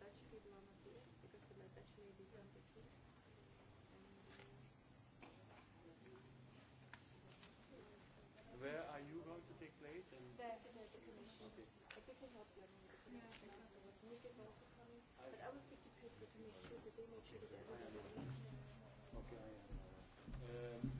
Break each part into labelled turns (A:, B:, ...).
A: attach with one of it because the attach may be something here. Where are you going to take place? And There's the commission. Okay. the commission yeah, Nick is also coming. I but I to they make sure that everyone Okay, I am. Um,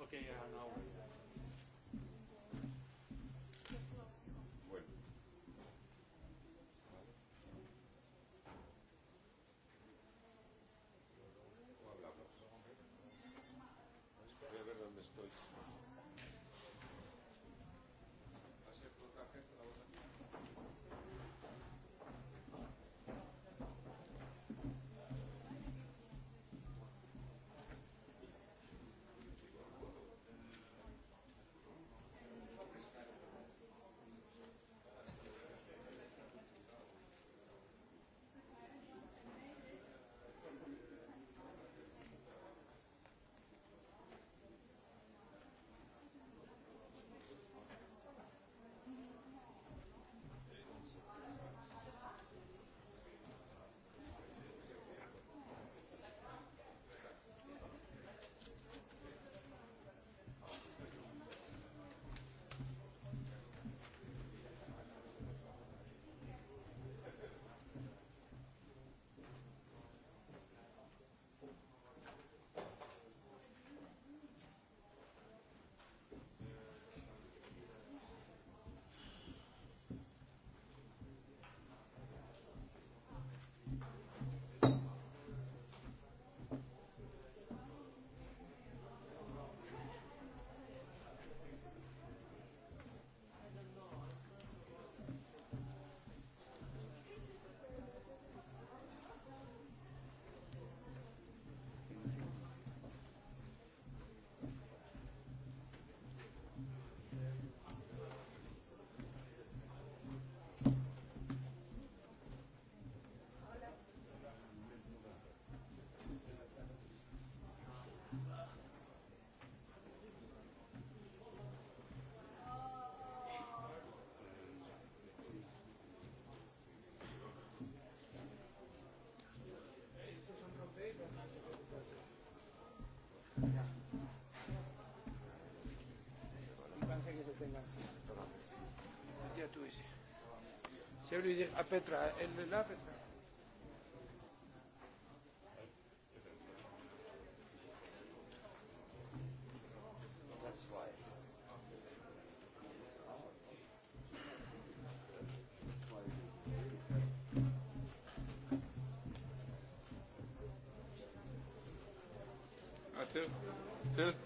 A: Okay, yeah, now. Se lui dire a Petra, elle eh, est eh, là, Petra.
B: Till, ah, till.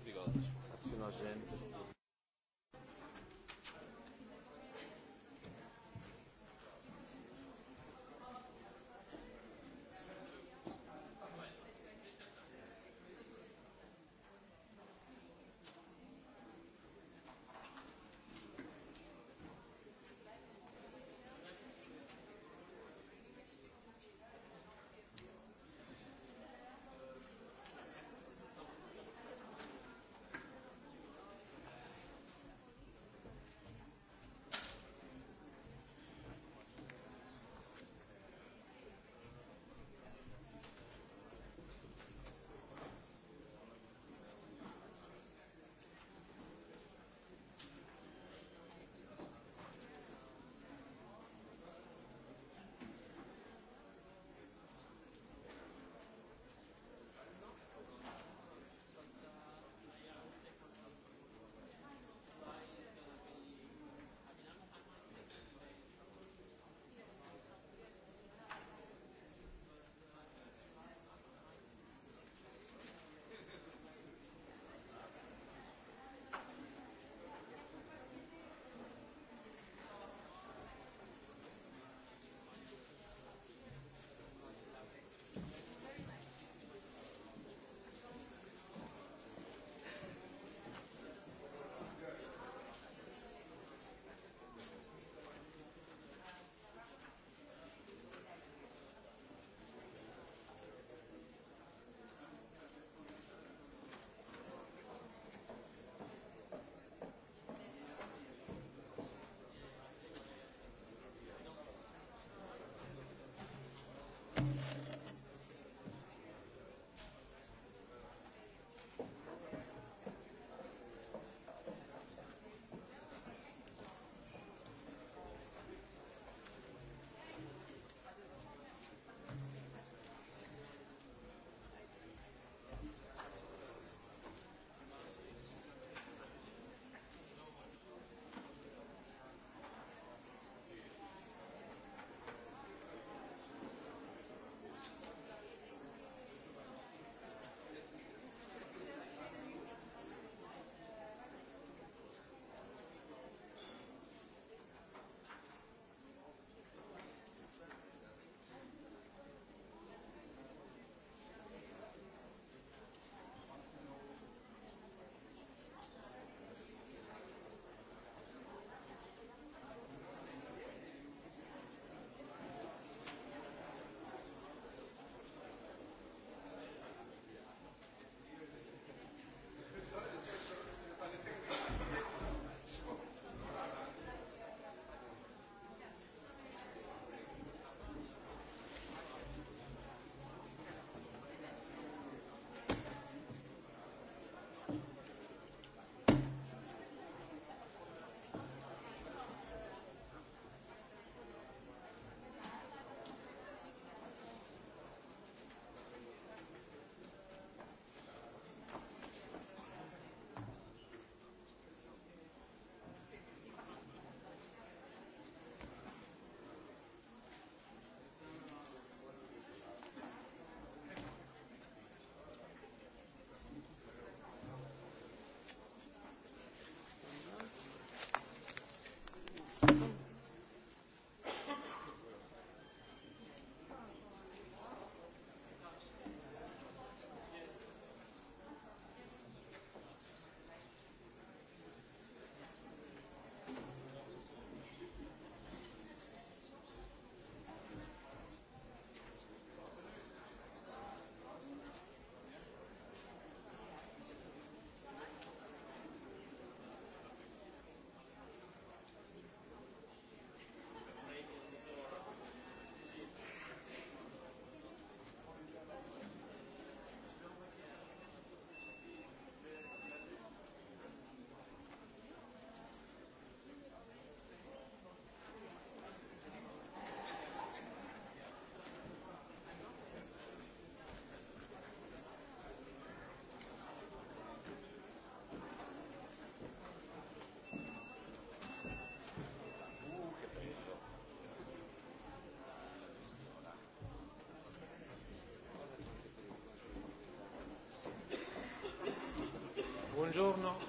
A: Buongiorno.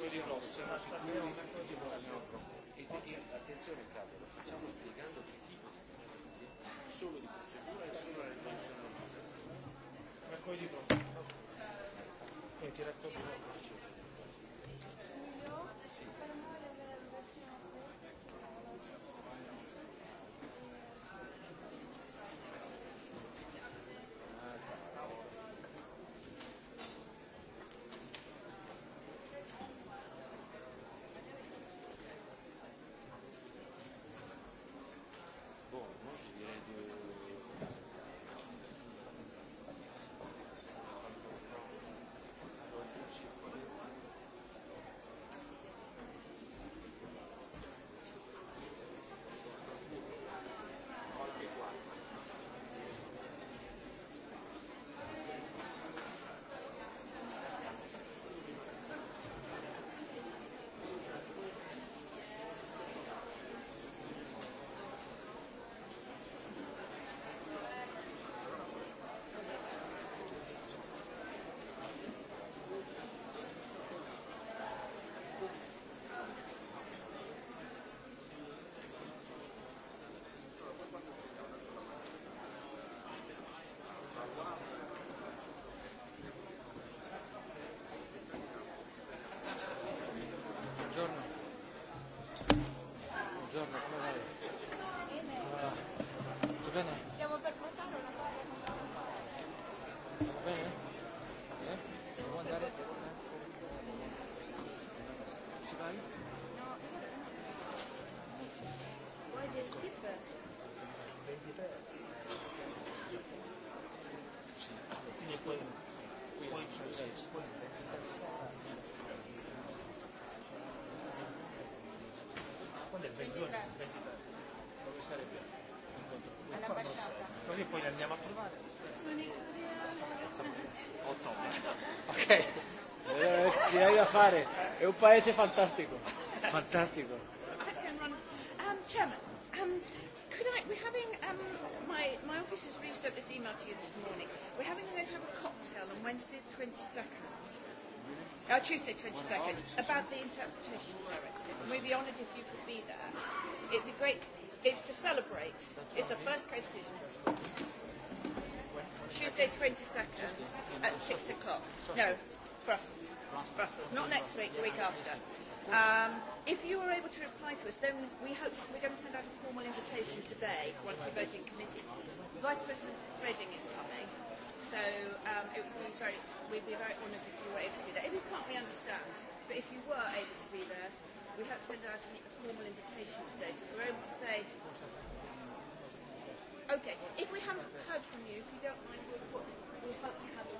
A: E, e attenzione Claudio, lo facciamo spiegando che tipo di solo di procedura e solo la risoluzione Ma così E ti racconto una cosa. Sì. Quando è 20 23. Dove sarebbe? All'ambasciata. Così poi andiamo a trovare. Ottobre. Ok. hai eh, da fare, è un paese fantastico, fantastico. Um, chairman, um, my, my office has reached out this email to you this morning. We're having a to have a cocktail on Wednesday the 22nd. uh Tuesday 22nd, about the interpretation directive. And we'd be honoured if you could be there. It'd be great. It's to celebrate. It's the first case decision. Tuesday 22nd at 6 o'clock. No, Brussels. Brussels. Not next week, the week after. Um, if you are able to reply to us, then we hope we're going to send out a formal invitation today once we voting committee. Vice President Redding is coming, so um, it would be very, we'd be very honoured if you were able to be there. If you can't, we understand. But if you were able to be there, we hope to send out a formal invitation today, so we're able to say. Okay, if we haven't heard from you, if you don't mind, we'll, we'll hope to have a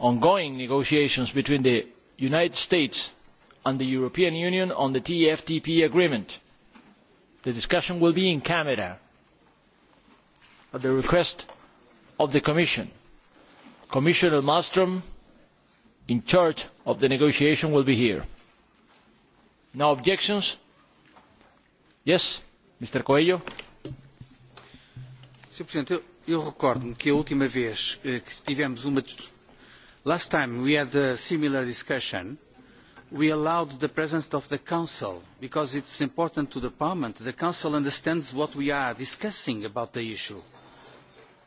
A: ongoing negotiations between the United States and the European Union on the TFTP agreement. The discussion will be in camera at the request of the Commission. Commissioner Malmstrm, in charge of the negotiation, will be here. No objections? Yes, Mr. Coelho. Sr. Presidente, eu, eu recordo-me que a última vez eh, que tivemos uma Last time we had a similar discussion. We allowed the presence of the Council because it is important to Parliament. The Council understands what we are discussing about the issue.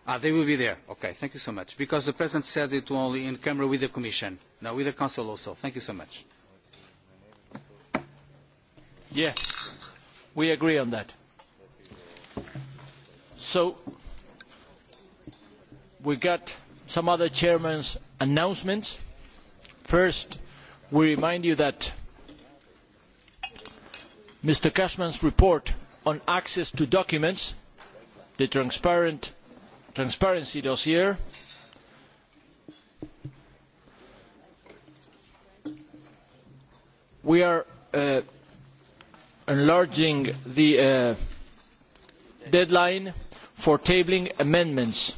A: Ah, they will be there. Okay, thank you so much. Because the President said it only in camera with the Commission. Now with the Council also. Thank you so much. Yeah, we agree on that. So, we got some other chairmen announcements. First, we remind you that Mr. Cashman's report on access to documents, the transparency dossier, we are uh, enlarging the uh, deadline for tabling amendments